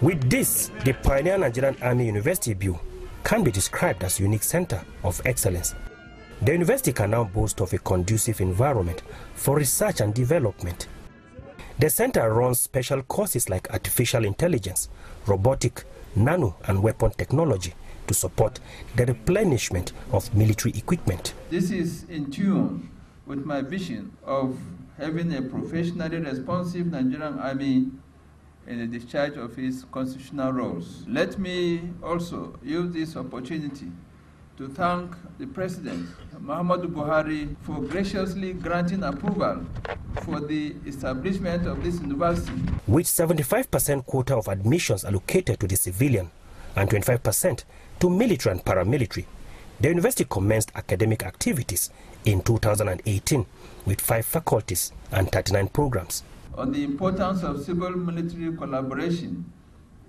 With this, the Pioneer Nigerian Army University Bill can be described as a unique center of excellence. The university can now boast of a conducive environment for research and development. The center runs special courses like artificial intelligence, robotic, nano and weapon technology to support the replenishment of military equipment. This is in tune with my vision of having a professionally responsive Nigerian army in the discharge of its constitutional roles. Let me also use this opportunity to thank the President, Muhammadu Buhari, for graciously granting approval for the establishment of this university. With 75% quota of admissions allocated to the civilian and 25% to military and paramilitary, the university commenced academic activities in 2018 with five faculties and 39 programs on the importance of civil military collaboration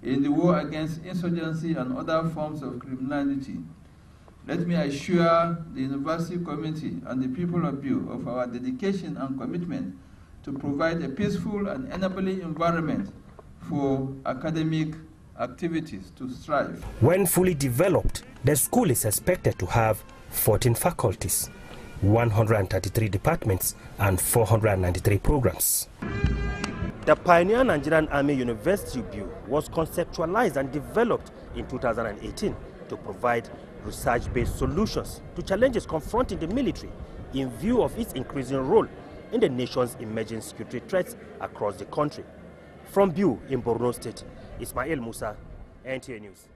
in the war against insurgency and other forms of criminality. Let me assure the university community and the people of you of our dedication and commitment to provide a peaceful and enabling environment for academic activities to thrive. When fully developed, the school is expected to have 14 faculties. 133 departments and 493 programs. The pioneer Nigerian Army University Bureau was conceptualized and developed in 2018 to provide research-based solutions to challenges confronting the military in view of its increasing role in the nation's emerging security threats across the country. From Biu in Borno State, Ismail Musa, NTA News.